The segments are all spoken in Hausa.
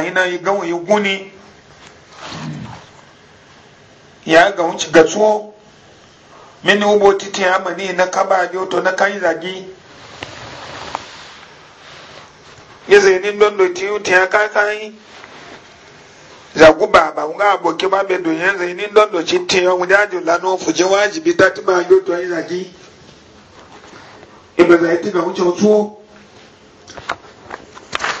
yi yi gawon yi guni ya ga wuce ga tso mini ubo titi ya na kaba to na kan zagi ya zainin don da tiyu ta ya kakan zagu baba nga aboki ba be do yen zainin don da cin tiyu mu jaji lano fuje wajibi ta tiba yoto yi zagi ibe zai tiga wuce tso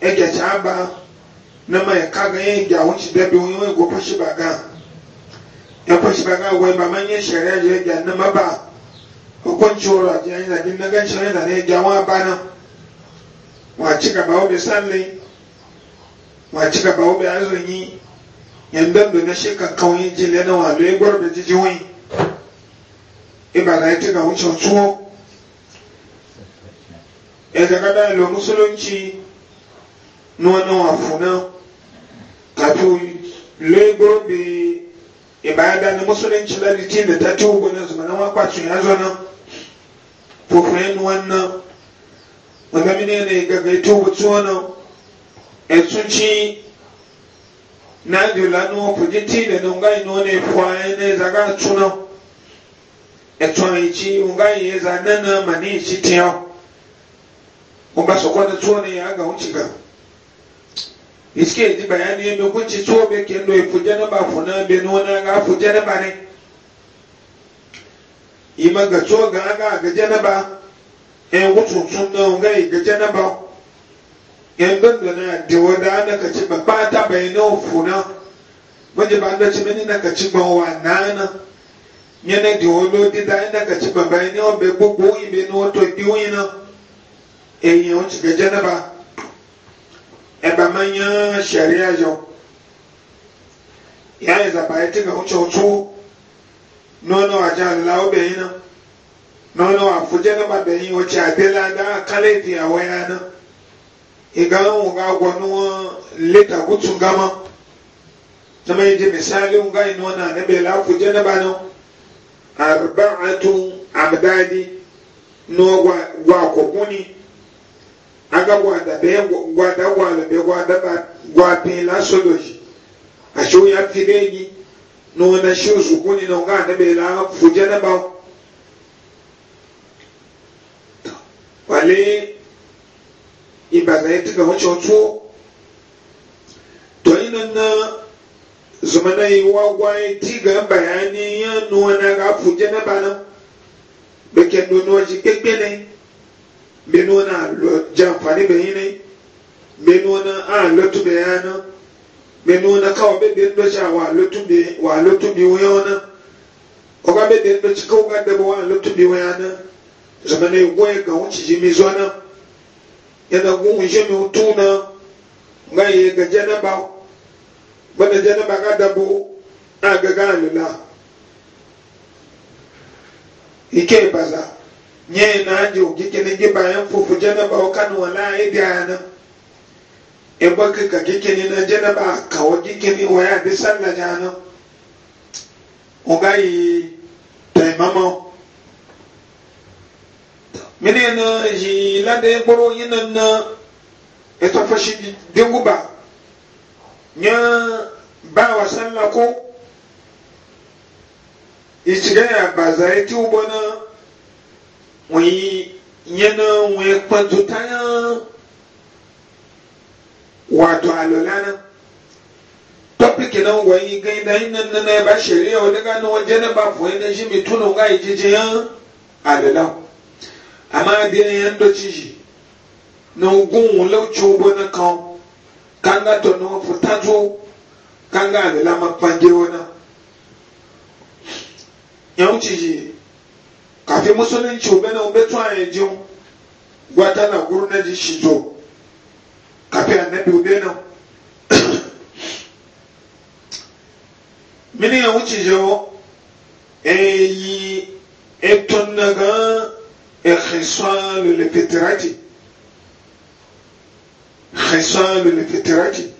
egya kya aba na ma yɛka ga yɛ egya ho kyi dabi ho yɛn kɔkɔ hyi ba ga yɛkɔ hyi ga wɔn ba ma nyɛ hyɛrɛ yɛ egya na ma ba ɔkɔ nkyi wɔrɔ adi anyi na di na ga nhyɛrɛ na ne egya ho aba na wɔn akyi ka ba wo bɛ sanle wɔn akyi ka ba wo bɛ azɔ nyi yɛn dɛm do na hyɛ kankan yi gyi lɛ na wɔn alo egbɔrɔ bɛ didi ho yi eba na yɛ te ka ho kyɛn soɔ ɛdaka da yɛ lɔ musolonti. ní wọn náà fún náà kàtó lẹ́gbọ́ bí ìbáyàdá ni mùsùlùmí lẹ́ni tí ní tàtí ogun náà zùmọ̀ náà wọ́n pàtó yẹn azọ́ náà fòfin ẹni wọn náà wọn ní ẹni gàgà ètò owó tí wọn náà ẹ̀sùn náà dè lánàá kò dé tí ìdẹ̀nà ńgá yìí náà ní ẹ̀fọ́ ayé náà ẹ̀zàgá tó náà ẹ̀tọ́ ẹ̀kí ńgá yìí ẹ̀zà náà mà ní wọn bá ní ti gà. iske ji bayani ya mai kunci to be ke ndo ifuje na ba funa be no na ga fuje na ba ne ima ga tso ga ga ga je na ba e wutu tun no ga ga je na ba yan ban da na de wada na ka ci ba pata bai no funa waje ba da ci mini na ka ci ba wa nana nyene de wolo di da na ka ci ba bai no be gbogbo ibe no to di wina e yan ci ga je ba ẹgbà máa ń yán ṣẹ̀rí ẹ̀yọ ìyá ìzàbà ẹ̀ tí kò ń ṣe ojú nọ́ọ̀nà àjà ńlá obìnrin náà nọ́ọ̀nà àfojẹ́ náà bàbá da a àgbéládá kálẹ̀ èdè àwọn ẹ̀yà náà ìgbà wọn ga gbọ́ ní wọn létà kútu gámọ́ tọ́mọ yìí di yi wọn gáyìn wọn náà níbi ìlà àfojẹ́ náà bá náà àrùbá àtún àbáyé ní aga gwada be gwada gwada be gwada ba gwada la sodoji asho ya tibeji no na shi sukuni no ga na be la fuje na ba wale ibaza yete ga hocho tu to ina na zumana yi wa gwaye tiga bayani ya no na ga fuje na ba na be kendo no ji kekele menu na jamfani bai ne menu na a lotu bai yana menu na kawo bai da docha wa lotu bai wa lotu bai wani o ga bai da docha kawo ga dabo wa lotu bai wani zama ne goye ga wuce jimi zona yana gun jimi tuna ga yi ga janaba bana janaba ga dabo a ga ga alula ike baza nye na je ogike ne ge bayan fufu janaba o kan wala e gana e baka ka gike ne na janaba ka o gike ne waya bi sallah jana o gai taimamo mine na ji lade gboro yinan na e to fashi dengu ba nya ba wa sallah ko ichiga ya baza eti ubona wòye nyɛnɛ wòye kpɛdutanya wàdò alòlana tɔpiki na wòye gɛyin na yi nana na ba sariya o daga na wòye jɛnɛ ba fòye na zi mi e tunu nga yi jijin ya alòla ama adiɛ yɛn do tsitsi na ogun wòle tso bo na kan kanga tɔ na wòfò tato kanga alòla ma kpanje wòna nyɛ wò adi musulunci wo bɛna wo bɛ tún ayɛ di wo gbata na guru na di si zo kapi anabi wo bɛna mini yɛn wotsi zɛ wo eyi etɔn na lele peterati exesɔn lele peterati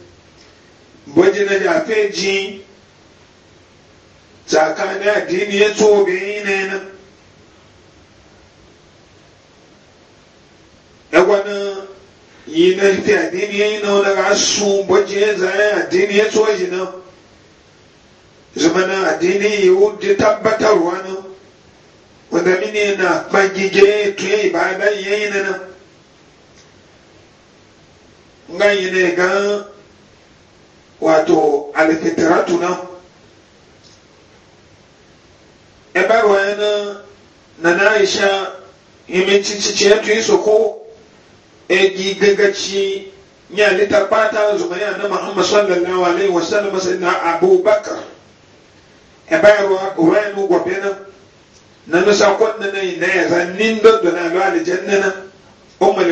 bɔdi na di apɛ dzi tsakaani adiini yɛ tso obìnrin nɛɛna. ɗagwana yi na fi addini yayi na daga su bajin ya zaya addini ya tsoye shi nan zumana addini yahudi tabbatarwa nan wanda mini na bagige tuye ibada yayi na nan nga yi na gan wato alfitiratu nan ebe ruwa yana na na aisha yi mai cici ce ya tuyi su ko egi gagaci ya litar fata zumaya na muhammad sallallahu alaihi wasallam sai na abubakar e bayarwa urayanu gobe na na nusa kwanna na yi na ya zannin don dona alwa aljanna na umar